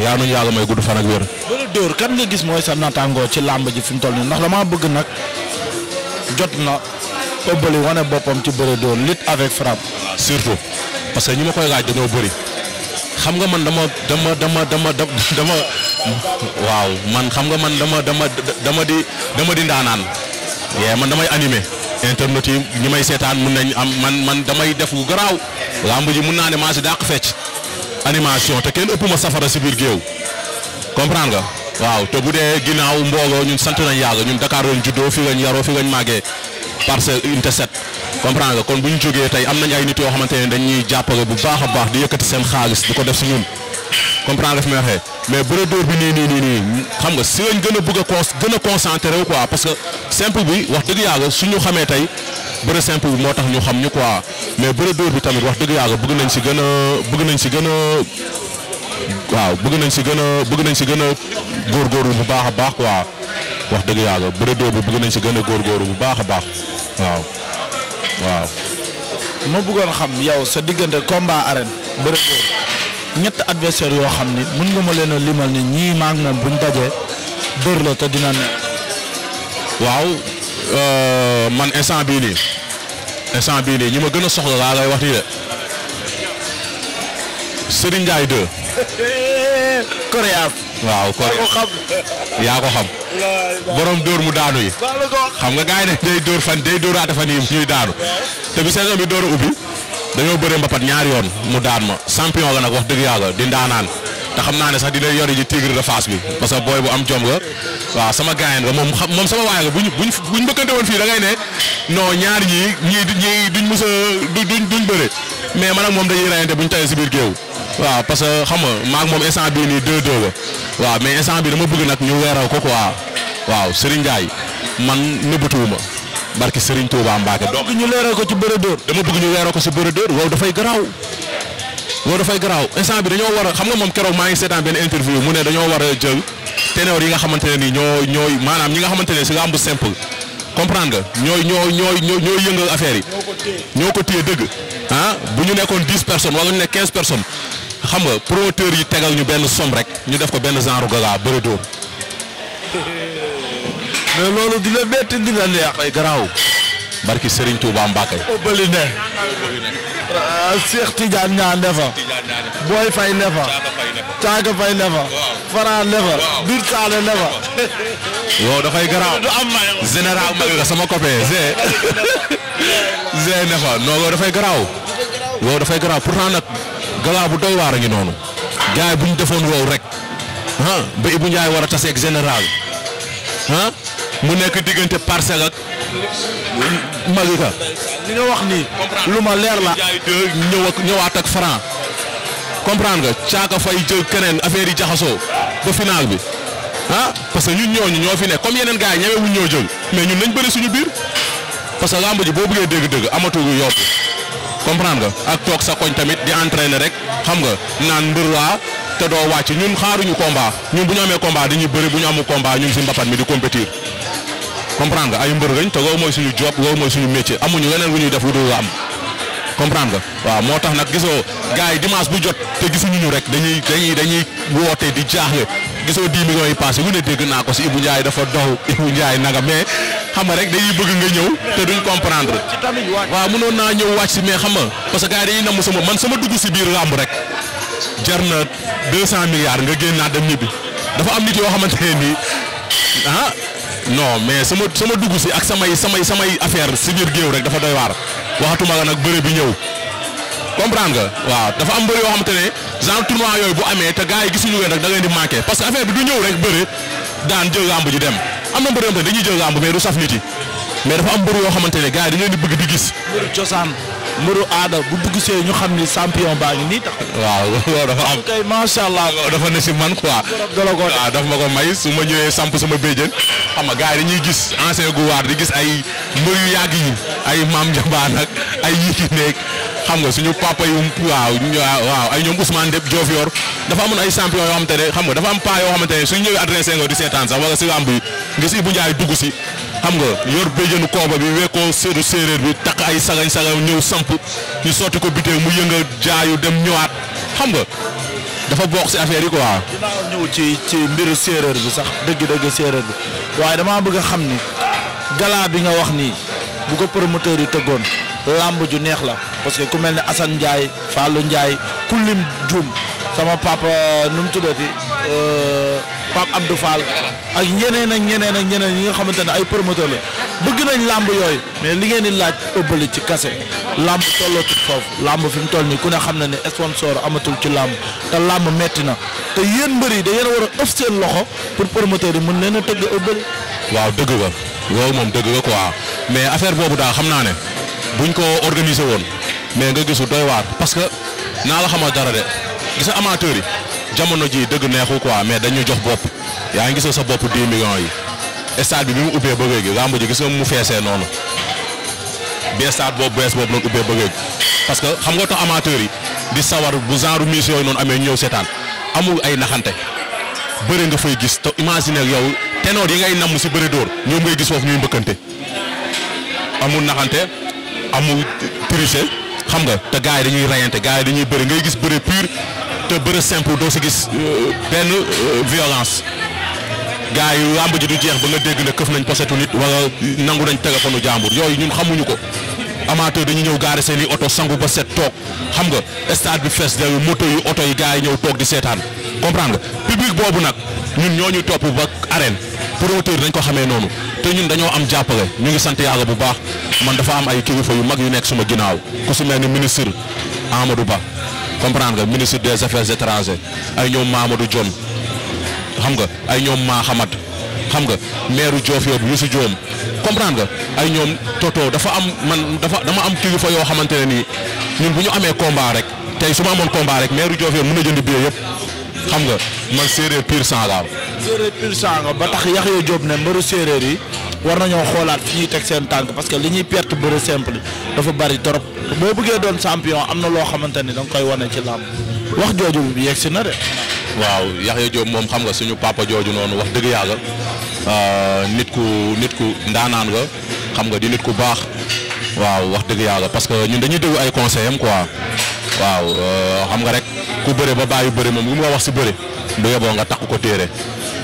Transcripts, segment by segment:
yaa nañu yàlla may gudd fan ak wér. bëri kan nga gis mooy sa naataangoo ci làmb ji fim mu toll nii ndax damaa bëgg nag jot na ëbbali wane boppam ci bëri dóor lutte avec frappe. surtout parce que ñu ma koy laaj dañoo bëri xam nga man dama dama dama dama dama waaw man xam nga man dama dama dama di dama di ndaanaan yee man damay animé internet yi ñi may seetaan mun nañ am man man damay def gu garaaw làmb ji mun naa ne maa si dàq fecc animation te kenn ëpp ma safara si biir géew comprendre nga waaw te bu dee ginnaaw mbooloo ñun sant nañ yàlla ñun Dakar lañ juddoo fi lañ yaroo fi lañ màggee parcelle unité 7 comprendre nga kon bu ñu jógee tey am nañ ay nit yoo xamante ne dañuy jàppale bu baax a baax di yëkkati seen xaalis di ko def si ñun comprendre nga fi waxee mais bëre dóor bi nii nii nii nii xam nga si lañ gën a bëgg a con gën a concentré parce que simple bi wax dëgg yàlla ñu xamee tey bëre simple bi moo tax ñu xam ñu ko quoi mais bëre dóor bi tamit wax dëgg yàlla bëgg nañ si gën a bëgg nañ si gën a waaw bëgg nañ si gën a bëgg nañ si gën a góorgóorlu bu baax a baax waa wax dëgg yàlla bëre dóor bi bëgg nañ ci gën a góorgóorlu bu baax a baax waaw waaw. bëggoon xam yow sa diggante combat arène bëre dóor ñett adversaire yoo xam ni mën nga ma leen a limal ni ñii maa ngi moom buñ dajee dóor la te dina ne waaw. Euh, man instant bii nii instant bii nii ñi ma gën a soxla laa lay wax Ndiaye 2. Coréas. waaw yaa ko xam. boroom dóor mu daanu yi. xam nga gaay ne day dóor fan day dóoraate fan yi ñuy daanu te bi saison bi door a ubbi dañoo bëre mbapat ñaari yoon mu daan ma champion la nag wax dëgg yàlla di ndaanaan. te xam naa ne sax dina yori ji tigre de face bi parce que booy bu am jom la waaw sama gaayen la moom moom sama waay la buñ buñ buñ da si biir géew waaw parce que xam nga maag moom instant bii nii deux deux la waaw mais instant bi dama bëgg nag ñu weeral ko quoi waaw Serigne Ndiaye man nëbbatuwuma barki Serigne Touba Mbacke. donc ñu leeral ko ci bëre dóor. ñu leeral ko si bëre dóor waaw dafay garaaw. loolu dafay garaaw instant bi dañoo war a xam nga moom keroog maa ngi seetaan benn interview mu ne dañoo war a jël ténor yi nga xamante ne nii ñoo ñooy maanaam ñi nga xamante ne si nga am bu simple comprendre nga ñooy ñooy ñooy ñooy yëngal affaire yi. ñoo ko téye dëgg. ah bu ñu nekkoon dix personnes wala ñu ne quinze personnes xam nga promoteur yi tegal ñu benn somme rek ñu def ko benn genre gaga bëri dóor. mais loolu dina bett dina neex ay garaaw. barki Serigne Touba Mbacke. ëppali ne. Cheikh Tidiane fa. Boy Faye ne fa. Thiaka Faye ne fa. Fara ne fa. Bir Saale ne fa. yow dafay garaaw général mag sama copain Zé fa non dafay garaaw. yow dafay garaaw pourtant nag galaa bu doy waar a ngi noonu. gars bu ñu defoon wow rek. ah ba Ibou Ndiaye war a tase ak ah, mu nekk diggante parcelle ak. Malika li nga wax nii lu ma leer la ñëw ak ñëwaat ak franc comprendre nga caaka fay jël keneen affaire yi jaxasoo ba final bi ah parce que ñun ñooñu ñoo fi ne comme yeneen gars yi ñëwee wuñ ñoo jël mais ñun nañ bëri suñu biir parce que làmb ji boo bëggee dëgg-dëgg amatu yóbbu comprendre nga ak toog sa koñ tamit di entraîner rek xam nga naan mbër laa te doo wàcc ñun xaaruñu combat ñun bu ñu amee combat dañuy bëri bu ñu amul combat ñun si mbapat mi di compétir. comprendre nga ay mbër lañ te loolu mooy suñu job loolu mooy suñu métier amuñu leneen lu ñuy def lu dul am comprendre waaw moo tax nag gisoo gars yi dimanche bu jot te gisuñu ñu rek dañuy dañuy dañuy woote di jaaxle gisoo 10 millions yi passé lu ne dégg naa ko si Ibou Ndiaye dafa dox Ibou Ndiaye nanga mais xam nga rek dañuy bëgg nga ñëw te duñ comprendre waaw mënoon naa ñëw wàcc si mais xam nga parce que gars yi dañuy namm sama man sama dugg si biir làmb rek jar na 200 milliards nga génn naa dem ñibbi dafa am nit non mais sama sama dugg si ak samay samay samay affaire si biir géew rek dafa doy waar waxatuma la nag bëre bi ñëw comprendre nga waaw dafa am bëre yoo xamante ne genre tournoi yooyu bu amee te gars yi gisuñu leen rek da ngeen di manqué parce que affaire bi du ñëw rek bëre daan jël làmb ji dem am na mbër yoo xamante ne dañuy jël làmb mais du saf nit yi mais dafa am mbër yoo xamante ne gars yi di bëgg di gis. mbëru cosaan mbëru aada bu bëgg ñu xam ni champion baa ngi nii tax. waaw loolu dafa am dafa ne si man quoi. waaw daf ma ko may su ma ñëwee samp sama béjjën xam nga gars yi dañuy gis ancien guwaar di gis ay mbër yu yàgg yi ay maam njambaan ak ay yi ki nekk xam nga suñu papa yu waaw waaw ay ñoom Ousmane Deb Diofior dafa amoon ay champion yoo xam nga dafa am paa yoo xamante ne suñu ñëwee adressé nga di seetaan sax wala si làmb yi nga si Ibou Ndiaye dugg si xam nga yor béjjënu kooba bi weekoo séeru séeréer bi takk ay sagañ sagañ ñëw samp ñu sotti ko bitee mu yënga jaayu dem ñëwaat xam nga dafa bokk si affaire yi quoi. dinaa ñëw ci ci mbiru séeréer bi sax dëgg séeréer bi waaye damaa bëgg a xam ni gala bi nga wax nii bu ko promoteur yi tëggoon làmb ju neex la parce que ku mel ni Assane Ndiaye Fallou Ndiaye ku juum sama papa nu mu tuddati euh, Pape Abdou Fall ak ñeneen ak ñeneen ak ñeneen ñi nga xamante ne ay promoteur la bëgg nañ làmb yooyu mais li ngeen di laaj ëbbali ci kase làmb tollootul foofu làmb fi mu toll nii ku ne xam na ne sponsor amatul ci làmb te làmb metti na te yéen mbër yi da ngeen war a ëf seen loxo pour promoteur yi mën leen a tëgg ëbbali waaw dëgg nga loolu moom dëgg ko quoi mais affaire boobu daal xam naa ne buñ ko organiser woon mais nga gisul doy waar parce que naa la xamal dara gisa amateur yi jamono ji dëgg neexu quoi mais dañu jox bopp yaa ngi gisoo sa bopp 10 millions yi stade bi bi mu ubbee ba léegi làmb ji gis nga mu feesee noonu bi stade boobu bees boobu noonu ubbee ba léegi parce que xam nga tax amateur yi di sawar bu genre mission yooyu noonu amee ñëw seetaan amul ay naxante bëre nga fay gis te imaginer yow ténor yi ngay namm si bëre dóor ñoom ngay gis foofu ñuy mbëkkante amul naxante amul tricher xam nga te gars yi dañuy rayante gars yi dañuy bëri ngay gis bëre pur te bëre simple doo si gis euh, benn euh, violence gars yu làmb ji du jeex ba nga dégg ne këf nañ posetu nit wala nangu nañ téléphone jàmbur yooyu ñun xamuñu ko amateur dañu ñëw gaari seen i oto sangu ba set toog xam nga stade bi fees del moto yu oto yi gars yi ñëw toog di seetaan comprendre nga public boobu nag ñun ñoo ñu topp ba arène promoteur dañ ko xamee noonu te ñun dañoo am jàppale ñu ngi sant yàlla bu baax man dafa am ay kilifa yu mag yu nekk suma ginnaaw ku si mel ni ministre Amadou Ba comprendre nga ministre des affaires étrangères ay ñoom Mamadou Diom xam nga ay ñoom maa xamat xam nga maire Diof yooyu Youssou Diom comprendre nga ay ñoom toto dafa am man dafa dama am kilifa yoo xamante ne nii ñun bu ñu amee combat rek tey su ma amoon combat rek maire Diof yooyu mën a jënd billet yëpp xam nga man séeréer pur sang laa. séeréer pur sang ba tax Yaxya Diop ne mbaru séeréer yi. war nañoo xoolaat fi ñuy teg seen tànk parce que li ñuy perte bëre simple dafa bari trop boo bëggee doon champion am na loo xamante ni da nga koy wane ci làmb wax jooju yegg si na waaw Yaxya Diop moom xam nga suñu papa jooju noonu wax dëgg yàlla euh, nit ku nit ku ndaanaan nga xam nga di nit ku baax waaw wax dëgg yàlla parce que ñun dañuy déglu ay conseil am quoi waaw euh, xam nga rek ku bëre ba bàyyi bëre moom li mu wax si bëre bu yeboo nga takk ko téere.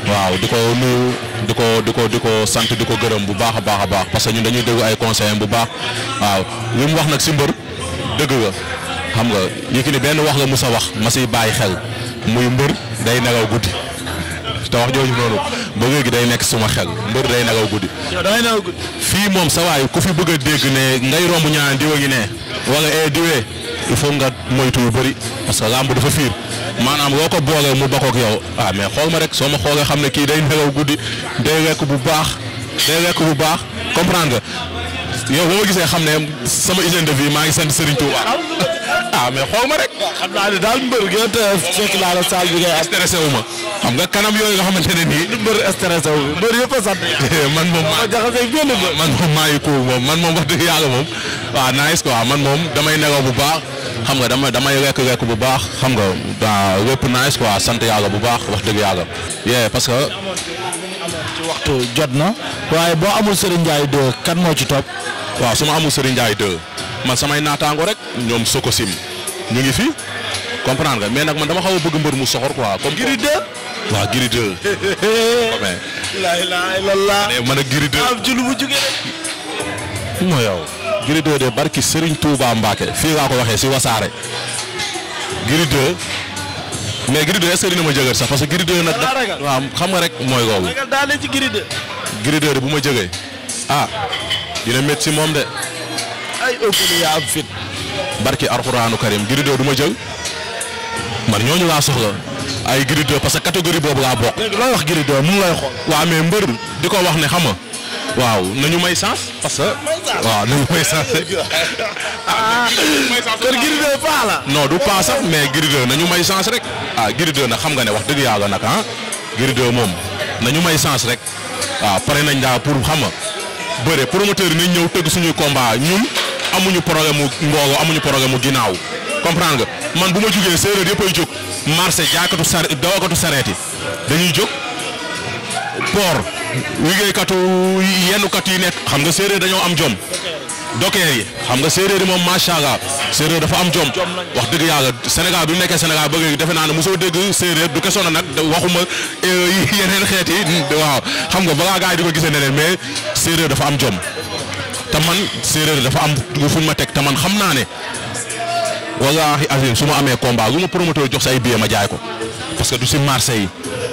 waaw di ko nuyu di ko di ko di ko sant di ko gërëm bu baax a baax a baax parce que ñun dañuy dégg ay conseil bu baax waaw li mu wax nag si mbër dëgg la xam nga ki Yékini benn wax la mu sa wax ma siy bàyyi xel muy mbër day nelaw guddi te wax jooju noonu ba léegi day nekk suma xel mbër day nelaw guddi. fii moom sa waay ku fi bëgg a dégg ne ngay romb ñaan diwa ngi ne walla eh diwee. il faut nga moytu yu bëri parce que làmb dafa fiir maanaam loo ko boolee mu bakoog yow ah mais xool ma rek soo ma xoolee xam ne kii day nelaw guddi day lekk bu baax day bu baax comprendre yow boo xam ne sama hygiène de maa ngi sant Serigne Touba ah mais xool ma rek. Ah, xam naa ne daal mbër gi te bi ngay wu ma xam nga kanam yooyu nga xamante ne nii. mbër a man moom maa jaxase benn man moom maa ngi moom man moom wax dëgg yàlla moom waaw ah, nice quoi man moom damay nelaw bu baax. xam nga dama damay wekk wekk bu baax xam nga waaw wépp nice quoi sant yàlla bu baax wax dëgg yàlla. yee parce que. ci jot na. waaye boo amul Serigne Ndiaye 2 kan moo ci topp. waaw su ma amul Serigne Ndiaye 2 man samay naataango rek ñoom soo ko Sokosim ñu ngi fi comprendre nga mais nag man dama xaw a bëgg mbër mu soxor quoi comme. Gris 2. waaw Gris 2. la man ak Gris 2 am yow. Gris 2 de barki Serigne Touba Mbacke fii nga ko waxee si wasaare. Gris 2 mais Gris 2 est-ce ma jëgër sax parce que Gris 2 nag. xam nga rek mooy googu. daal ci bu ma jëgee ah dina métti si moom de. ay ëpp yaa am fit. barki Alxuraanu Karim Gris du ma jël man ñooñu laa soxla. ay Gris 2 parce que catégorie boobu laa bokk. léegi looy wax Gris 2 lay xool. waaw mais mbër di ko wax ne xam waaw nañu may chance parce que. waaw nañu may chance. ah kon Gris 2 paa la. du paa mais Gris 2 nañu may chance rek. ah Gris na xam nga ne wax dëgg yàlla nag ah Gris 2 moom nañu may chance rek waaw ah, pare nañ daa pour xam nga bëre promoteur yi nañ ñëw tëgg suñuy combat ñun amuñu problème mu mbooloo amuñu problème mu ginnaaw comprendre nga man bu ma jugee séeréer yëpp ay jóg marché jaakatu sare dawakatu dañuy jóg port. liggéeykatu yennukat yi nekk xam nga séeréer dañoo am jom dokeer yi xam nga séeréer yi moom macha allah séeréer dafa am jom wax dëgg yàlla Sénégal bi mu nekkee Sénégal bëgg defe naa ne mosoo dégg séeréer du kesoon na nag waxuma eh, yeneen xeet yi waaw xam nga balaa gars yi di ko gisee ne leen mais séeréer dafa am jom te man séeréer dafa am fu ma teg te man xam naa ne wallaahi azim su ma amee combat lu ma promoteur jox say billet ma jaay ko. parce que du si marché yi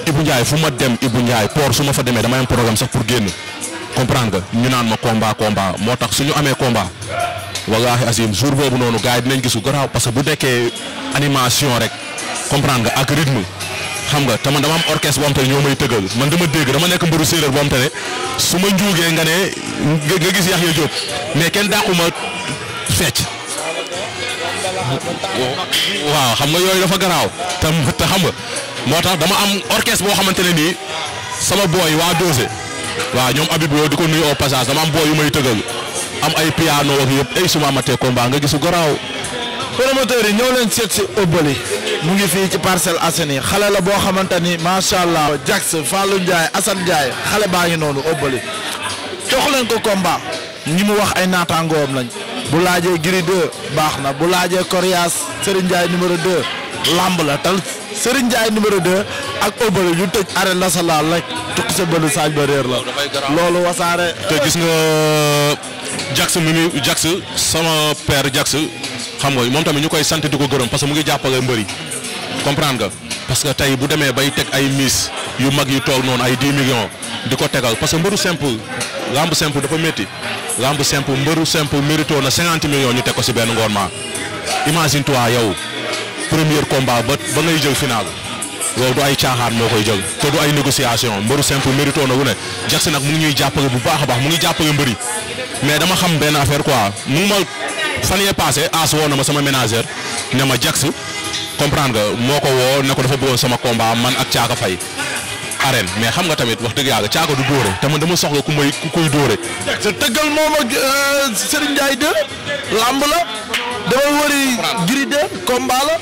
Ibou Ndiaye fu ma dem Ibou Ndiaye port su ma fa demee dama am programme sax pour génn comprendre nga ñu naan ma combat combat moo tax su ñu amee combat wallaahi asim jour boobu noonu gars yi dinañ gisu garaaw parce que bu nekkee animation rek comprendre nga ak rythme xam nga te man dama am orchestre boo xam te ne ñoo may tëggal man dama dégg dama nekk mbëru séeréer boo xam te ne su ma njuugee nga ne nga gis yax ya jóg mais kenn dàqu ma fecc waaw xam nga yooyu dafa garaaw te xam nga moo tax dama am orchestre boo xamante ne nii sama booy waa Dose waaw ñoom Habib yooyu di ko nuyu au passage dama am booy yu may tëggal am ay piano ak yëpp ay suma amatee combat nga gisu garaaw. promoteurs yi ñëw leen seet si Obeuly mu ngi fii ci Parcelles Assainies xale la boo xamante ni macha allah Jax Fallou Ndiaye Assane Ndiaye xale baa ngi noonu Obeuly jox leen ko combat ñi mu wax ay naataangoom lañ. bu laajee Gris baax na bu laajee Coriace Serigne Ndiaye numéro 2 lamb la tal Serigne Ndiaye numéro 2 ak Obeuly yu tëj arène nationale rek tuq sa bënn saaj ba réer la loolu wasaare. te gis nga Jax mi muy Jax sama père Jax xam nga moom tamit ñu koy sant di ko gërëm parce que mu ngi jàppale mbër yi comprendre nga parce que tey bu demee bay teg ay miis yu mag yu toog noonu ay 10 millions di ko tegal parce que mbëru simple. lamb simple dafa métti lamb simple mbëru simple mérito na 50 millions ñu teg si benn ngoon ma imagine toi yow premier combat ba ba ngay jël final loolu du ay caaxaan moo koy jël te du ay négociation u simple mérito na wu ne Jackson nag mu ngi ñuy jàppale bu baax a baax mu ngi jàppale mbëri mais dama xam benn affaire quoi mu ngi ma fan yee passé aas na ma sama ménagère ne ma Jackson comprendre nga moo ko woo ne ko dafa bëggoon sama combat man ak Caaka Faye arène mais xam nga tamit wax dëgg yàlla caako du dóore te man dama soxla ku may ku koy dóore. sa tëggal moom a euh, Serigne Ndiaye de lamb la dama wëri giri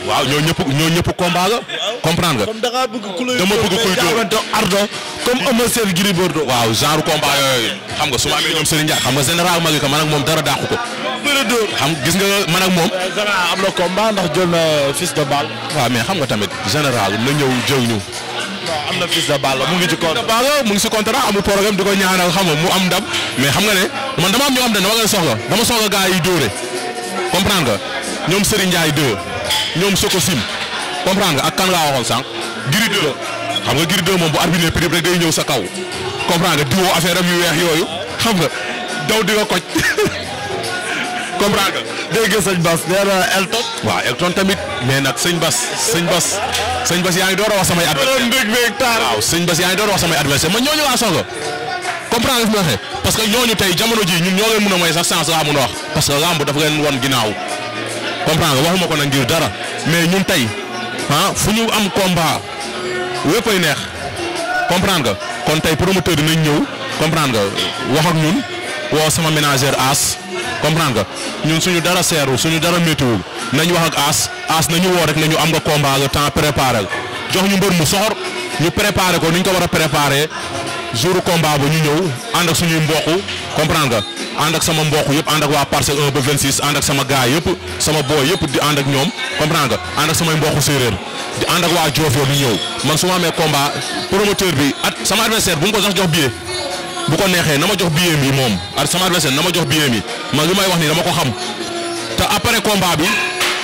waaw ñoo ñëpp ñoo ñëpp combat la. comprendre nga. comme dama bëgg kuy dóor ardo comme Eumeu Sène Gris Bordeaux. waaw genre combat xam nga su ma amee ñoom Serigne Ndiaye xam nga général Malika man ak moom dara dàqu ko. xam gis nga man moom. général am na combat ndax jël na fils de balle. waaw mais xam nga tamit général na ñëw jëw ñu. am na fils de Balla mu ngi ci contrat Balla mu ngi ci contrat amul programme di ko ñaanal xam nga mu am ndam mais xam nga ne man dama am ñoo am ne soxla dama soxla gars yi dóore comprendre nga ñoom Serigne Ndiaye 2 ñoom Soko Sim comprendre nga ak kan ngaa waxoon sànq Gris 2 xam nga Gris 2 moom bu arbitre prix rek day ñëw sa kaw comprendre nga diwoo affaire am yu weex yooyu xam nga daw di nga koj comprendre nga dégg sëñ Bas nee na Elton. waaw Elton tamit mais nag sëñ Bas yaa ngi door a wax samay adversaire waaw a wax samay adversaire parce que ñooñu tey jamono ji ñun ñoo a may sax chance laa mën a wax parce que lamb dafa ko nag ngir dara mais ñun tey ah fu ñu am combat wéppay neex comprendre nga kon tey promoteur dinañ ñëw comprendre nga wax ak ñun woo sama ménagère As. comprendre nga ñun suñu dara seeru suñu dara météo nañ wax ak aas na ñu woo rek nañu am nga combat nga temps préparé jox ñu mbër mu soxor ñu préparé ko ni ko war a préparé jour combat ba ñu ñëw ànd ak suñuy mbokk comprendre nga ànd ak sama mbokk yëpp ànd ak waa parcelle 1 ba 26 ànd ak sama gars yëpp sama booy yëpp di ànd ak ñoom comprendre nga ànd ak samay mbokk séeréer di ànd ak waa Diofior di ñëw man su ma amee combat promoteur bi at sama adversaire bu mu ko sax jox billet. bu ko neexee na ma jox billet bi moom ak sama adversaire na ma jox billet bi man li may wax nii dama ko xam te après combat bi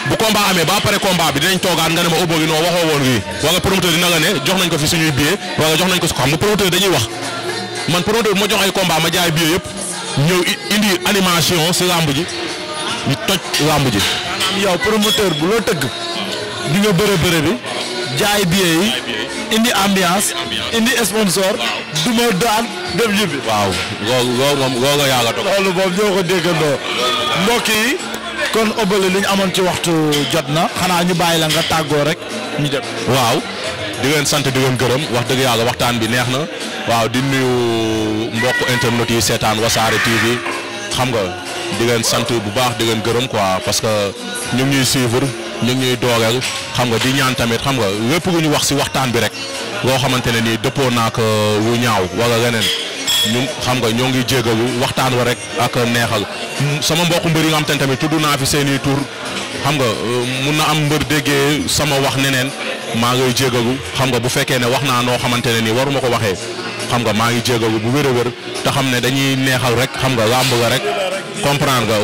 bu combat amee ba après combat bi dinañ toogaat nga ne ma Obeu gi non waxoo woon lii wala promoteur dina nga ne jox nañ ko fi suñuy billet wala jox nañ ko si xam nga promoteur dañuy wax man promoteur bi ma jox ay ma jaay billet yëpp ñëw indi animation si làmb ji toj làmb ji. maanaam yow promoteur bu loo tëgg di nga bëre jaay billet yi indi ambiance indi sponsor du ma daan dem ñibbi. waaw googu googu moom googu yaa nga toog. loolu moom ñoo ko déggandoo mbokk yi kon Obeuly li ñu amoon ci waxtu jot na xanaa ñu bàyyi la nga tàggoo rek ñu dem. waaw di ngeen sant di ngeen gërëm wax dëgg yàlla waxtaan bi neex na waaw di nuyu mbokk internet yi seetaan wasaare TV xam nga di ngeen sant bu baax di ngeen gërëm quoi parce que ñu ñuy suivre. ñu ngi ñuy doogal xam nga di ñaan tamit xam nga lépp lu ñu wax si waxtaan bi rek loo xamante ne nii naa naak lu euh, ñaaw wala leneen ñu xam nga ñoo ngi jégalu waxtaan wa rek ak neexal mm, sama mbokk mbër yi nga xam te ne tamit tudd naa fi seeni tur xam nga euh, mun na am mbër déggee sama wax neneen maa ngay jégalu xam nga bu fekkee ne wax naa noo xamante ne nii waruma ko waxee xam nga maa ngi jégalu bu wér a wér te xam ne dañuy neexal rek xam nga làmb rek comprendre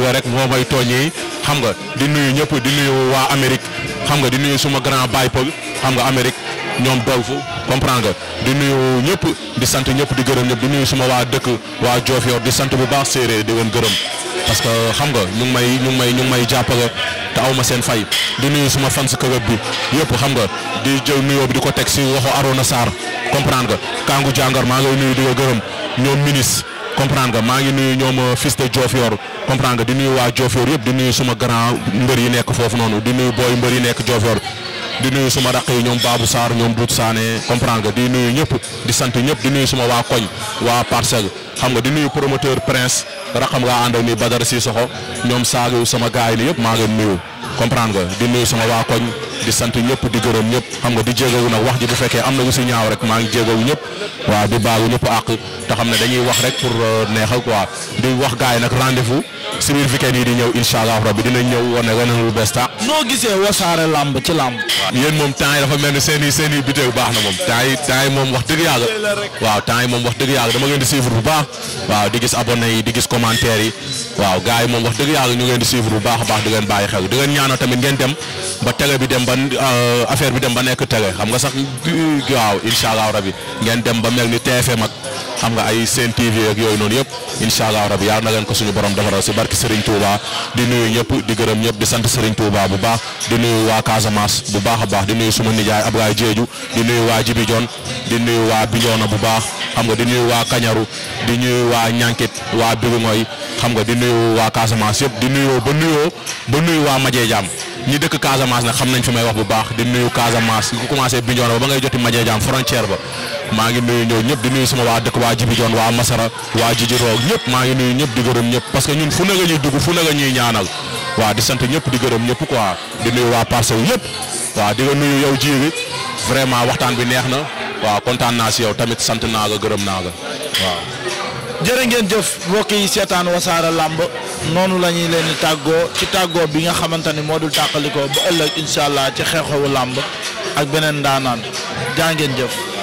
nga rek moo may tooñee xam nga di nuyu ñëpp di nuyu waa Amérique xam nga di nuyu suma grand baay Paul xam nga Amérique ñoom dolfu comprendre nga di nuyu ñëpp di sant ñëpp di gërëm ñëpp di nuyu suma waa dëkk waa Diofior di sant bu baax séeréer di wen gërëm parce que xam nga ñu may ñu may ñu may jàppale te awma seen fay di nuyu suma fans club bi yëpp xam nga di jël nuyoo bi di ko teg si loxo Arona Sarr comprendre nga Kangou Jangar maa ngi lay nuyu di ko gërëm ñoom ministre comprendre nga maa ngi nuyu ñoom euh, fils de Diofior comprendre nga di nuyu waa Diofior yëpp di nuyu suma grand mbër yi nekk foofu noonu di nuyu booy mbër yi nekk Diofior di nuyu suma raq yi ñoom Babou Sarr ñoom Dout Sané comprendre nga di nuyu ñëpp di sant ñëpp di nuyu suma waa koñ waa parcelle xam nga di nuyu promoteur prince raxam nga àndal ni Badara Cissokho ñoom saagi sama gaay nii yëpp maa ngi nuyu comprendre nga di nuyu sama waa koñ di sant ñëpp di gërëm ñëpp xam nga di jégawu nag wax ji bu fekkee am na lu si ñaaw rek maa ngi jégawu ñëpp waaw di baalu ñëpp xam ne dañuy wax rek pour euh, neexal quoi di wax gars yi nag rendez-vous si biir weekend yi di ñëw incha allah rabbi dinañ ñëw wane wane lu bees tax. noo gisee wasaare lamb ci lamb. yéen moom temps yi dafa mel seen seen i bitéew baax na moom temps wax dëgg yàlla waaw temps yi moom wax dëgg yàlla dama ngeen di suivre bu baax waaw di gis abonné yi di gis commentaire yi waaw gars yi moom wax dëgg yàlla ñu ngeen di suivre bu baax baax di ngeen bàyyi xel di ngeen ñaanal tamit ngeen dem ba télé bi dem ba euh, affaire bi dem ba nekk télé xam nga sax waaw incha allah rabi ngeen dem ba mel ni TFM ak xam nga ay Sen TV ak yooyu noonu yëpp incha allah rabi yal na leen ko suñu borom defaral si barki Serigne Touba di nuyu ñëpp di gërëm ñëpp di sant Serigne Touba bu baax di nuyu waa Casamance bu baax a baax di nuyu suma nijaay ab Abdoulaye Diédhiou di nuyu waa Djibi Dione di nuyu waa Bignona bu baax xam nga di nuyu waa Kañaru di nuyu waa Ñankit waa Biringoy xam nga di nuyu waa Casamance yëpp di nuyoo ba nuyoo ba nuyu waa Majee Jaam ñi dëkk Casamance nag xam nañ fi may wax bu baax di nuyu Casamance ku commencé Bignona ba ba ngay joti Majee Jaam frontière ba maa ngi nuyu ñëw ñëpp di nuyu suma waa dëkk waa Jibijoon waa Masara waa Jijiroo ñëpp maa ngi nuyu ñëpp di gërëm ñëpp parce que ñun fu nag a ñuy dugg fu nag a ñuy ñaanal waa di sant ñëpp di gërëm ñëpp quoi di nuyu waa Parcelles yëpp waaw di nga nuyu yow ji bi vraiment waxtaan bi neex na waaw kontaan si yow tamit sant naa nga gërëm naa nga waaw jërë ngeen jëf mbokk yi seetaan wasaara làmb noonu la ñuy leen di tàggoo ci tàggoo bi nga xamante ni moo dul tàqalikoo ba ëllëg incha allah ci xeexewu làmb ak beneen ndaanaan jaa ngeen jëf.